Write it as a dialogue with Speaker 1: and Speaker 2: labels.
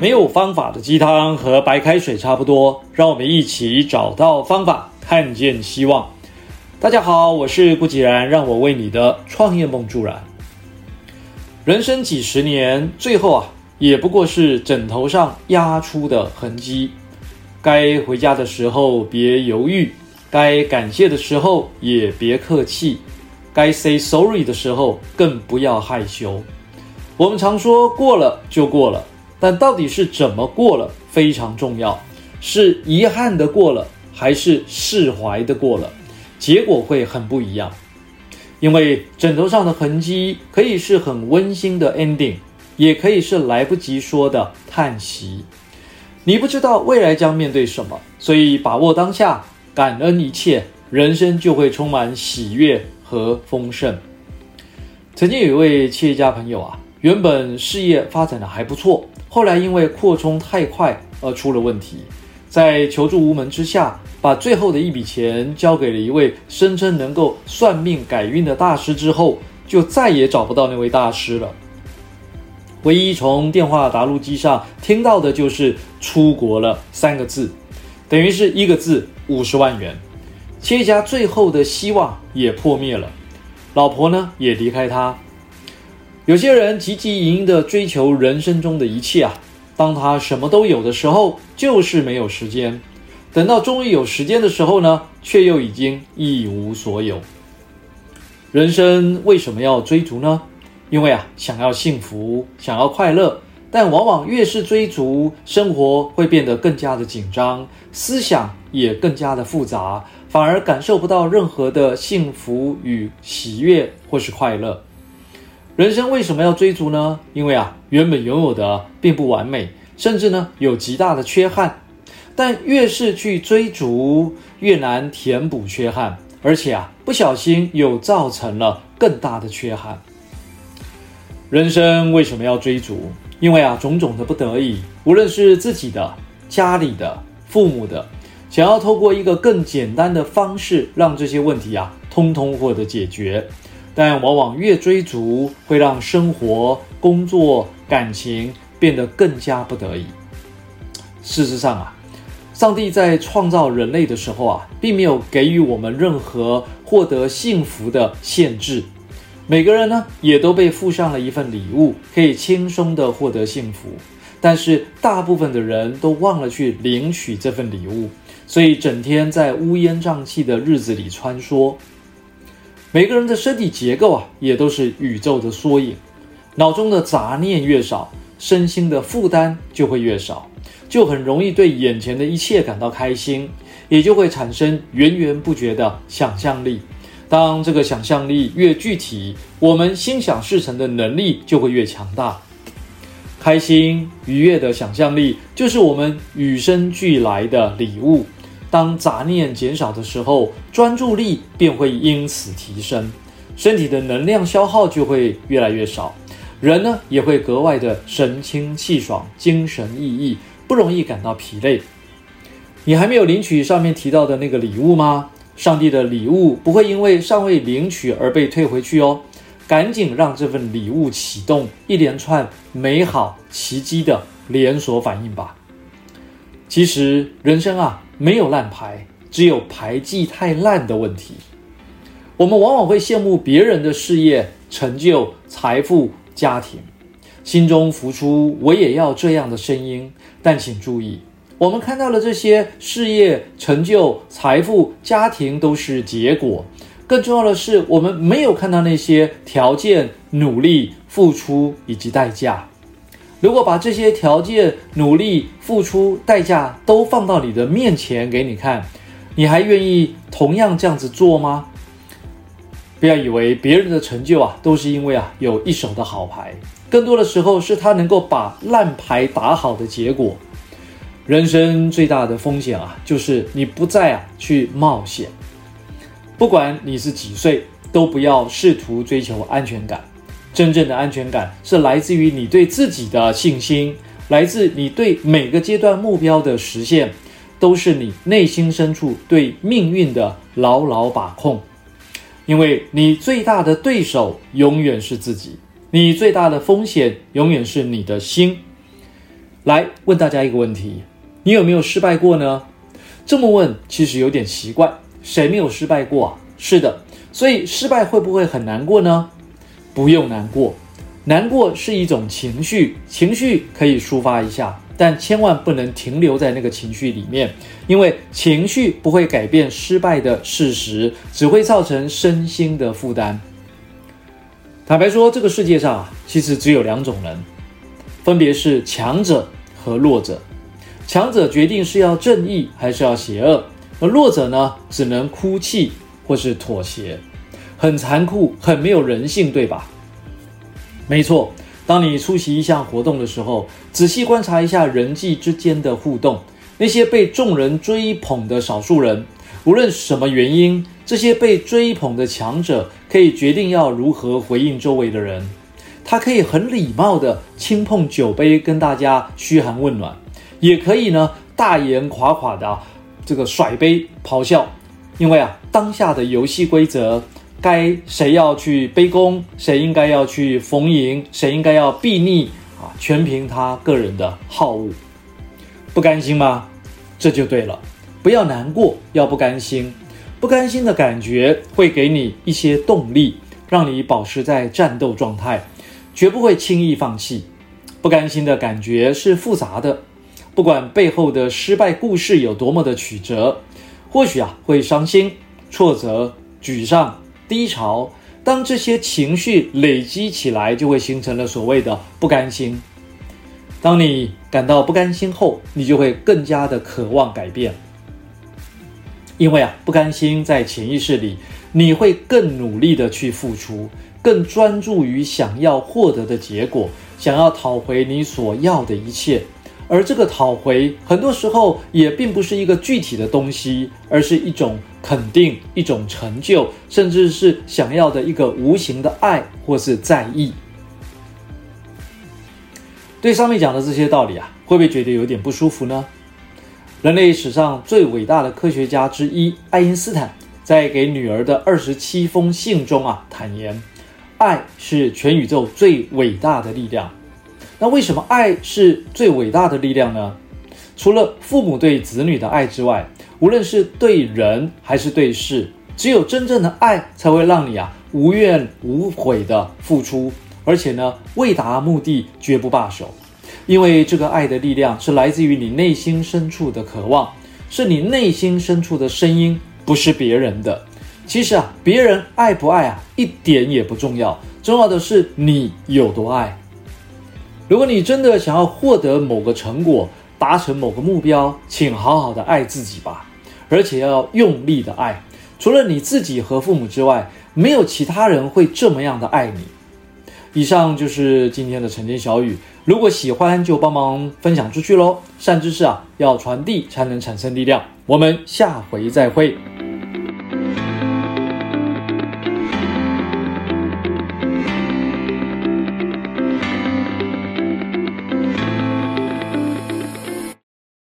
Speaker 1: 沒有方法的雞湯和白開水差不多。讓我們一起找到方法，看見希望。大家好，我是顧竟然，讓我為你的創業夢助燃。人生幾十年，最後啊，也不過是枕頭上壓出的痕跡。該回家的時候別猶豫，該感謝的時候也別客氣，該 say sorry 的時候更不要害羞。我們常說過了就過了。但到底是怎麼過了非常重要，是遺憾的過了還是釋懷的過了，結果會很不一樣。因為枕頭上的痕跡可以是很溫馨的 ending，也可以是來不及說的嘆息。你不知道未來將面對什麼，所以把握當下，感恩一切，人生就會充滿喜悅和豐盛。曾經有一位企業家朋友啊，原本事業發展得還不錯。後來因為擴充太快而出了問題，在求助無門之下，把最後的一筆錢交給了一位聲稱能夠算命改運的大師之後，就再也找不到那位大師了。唯一從電話答錄機上聽到的就是“出國了”三個字，等於是一個字五十萬元。企業家最後的希望也破滅了，老婆呢，也離開他。有些人汲汲營營地追求人生中的一切啊，當他什麼都有的時候，就是沒有時間；等到終於有時間的時候呢，卻又已經一無所有。人生為什麼要追逐呢？因為啊，想要幸福，想要快樂，但往往越是追逐，生活會變得更加的緊張，思想也更加的複雜，反而感受不到任何的幸福與喜悅或是快樂。人生為什麼要追逐呢？因為啊，原本擁有的並不完美，甚至呢有極大的缺憾。但越是去追逐，越難填補缺憾，而且啊，不小心又造成了更大的缺憾。人生為什麼要追逐？因為啊，種種的不得已，無論是自己的、家裡的、父母的，想要透過一個更簡單的方式，讓這些問題啊，通通獲得解決。但往往越追逐，會讓生活、工作、感情變得更加不得已。事實上啊，上帝在創造人類的時候啊，並沒有給予我們任何獲得幸福的限制。每個人呢，也都被賦上了一份禮物，可以輕鬆地獲得幸福。但是大部分的人都忘了去領取這份禮物，所以整天在烏煙瘴氣的日子裡穿梭。每個人的身體結構啊，也都是宇宙的縮影。腦中的雜念越少，身心的負擔就會越少，就很容易對眼前的一切感到開心，也就會產生源源不絕的想象力。當這個想象力越具體，我們心想事成的能力就會越強大。開心愉悅的想象力，就是我們與生俱來的禮物。當雜念減少的時候，專注力便會因此提升，身體的能量消耗就會越來越少，人呢也會格外的神清氣爽、精神奕奕，不容易感到疲累。你還沒有領取上面提到的那個禮物嗎？上帝的禮物不會因為尚未領取而被退回去哦，趕緊讓這份禮物啟動一連串美好奇蹟的連鎖反應吧。其實人生啊。沒有爛牌，只有牌技太爛的問題。我們往往會羨慕別人的事業成就、財富、家庭，心中浮出“我也要這樣的”聲音。但請注意，我們看到的這些事業成就、財富、家庭都是結果，更重要的是，我們沒有看到那些條件、努力、付出以及代價。如果把這些條件、努力、付出、代價都放到你的面前給你看，你還願意同樣這樣子做嗎？不要以為別人的成就啊，都是因為啊有一手的好牌，更多的時候是他能夠把爛牌打好的結果。人生最大的風險啊，就是你不再啊去冒險。不管你是幾歲，都不要試圖追求安全感。真正的安全感是來自於你對自己的信心，來自你對每個階段目標的實現，都是你內心深處對命運的牢牢把控。因為你最大的對手永遠是自己，你最大的風險永遠是你的心。來問大家一個問題：你有沒有失敗過呢？這麼問其實有點奇怪，誰沒有失敗過啊？是的，所以失敗會不會很難過呢？不用難過，難過是一種情緒，情緒可以抒發一下，但千萬不能停留在那個情緒裡面，因為情緒不會改變失敗的事實，只會造成身心的負擔。坦白說，這個世界上啊，其實只有兩種人，分別是強者和弱者。強者決定是要正義還是要邪惡，而弱者呢，只能哭泣或是妥協。很殘酷，很沒有人性，對吧？沒錯。當你出席一項活動的時候，仔細觀察一下人際之間的互動。那些被眾人追捧的少數人，無論什麼原因，這些被追捧的強者可以決定要如何回應周圍的人。他可以很禮貌的輕碰酒杯，跟大家噓寒問暖，也可以呢大言誇誇的，啊、這個甩杯咆哮。因為啊，當下的遊戲規則。該誰要去卑躬，誰應該要去逢迎，誰應該要避逆啊？全憑他個人的好惡。不甘心嗎？這就對了，不要難過，要不甘心。不甘心的感覺會給你一些動力，讓你保持在戰鬥狀態，絕不會輕易放棄。不甘心的感覺是複雜的，不管背後的失敗故事有多麼的曲折，或許啊會傷心、挫折、沮喪。低潮，當這些情緒累積起來，就會形成了所謂的不甘心。當你感到不甘心後，你就會更加的渴望改變。因為啊，不甘心在潛意識裡，你會更努力的去付出，更專注於想要獲得的結果，想要討回你所要的一切。而這個討回，很多時候也並不是一個具體的東西，而是一種肯定、一種成就，甚至是想要的一個無形的愛或是在意。對上面講的這些道理啊，會不會覺得有點不舒服呢？人類史上最偉大的科學家之一愛因斯坦，在給女兒的二十七封信中啊坦言：“愛是全宇宙最偉大的力量。”那為什麼愛是最偉大的力量呢？除了父母對子女的愛之外，無論是對人還是對事，只有真正的愛才會讓你啊無怨無悔的付出，而且呢，未達目的絕不罷手。因為這個愛的力量是來自於你內心深處的渴望，是你內心深處的聲音，不是別人的。其實啊，別人愛不愛啊，一點也不重要，重要的是你有多愛。如果你真的想要獲得某個成果，達成某個目標，請好好的愛自己吧，而且要用力的愛。除了你自己和父母之外，沒有其他人會這麼樣的愛你。以上就是今天的晨間小語。如果喜歡，就幫忙分享出去嘍。善知識啊，要傳遞才能產生力量。我們下回再會。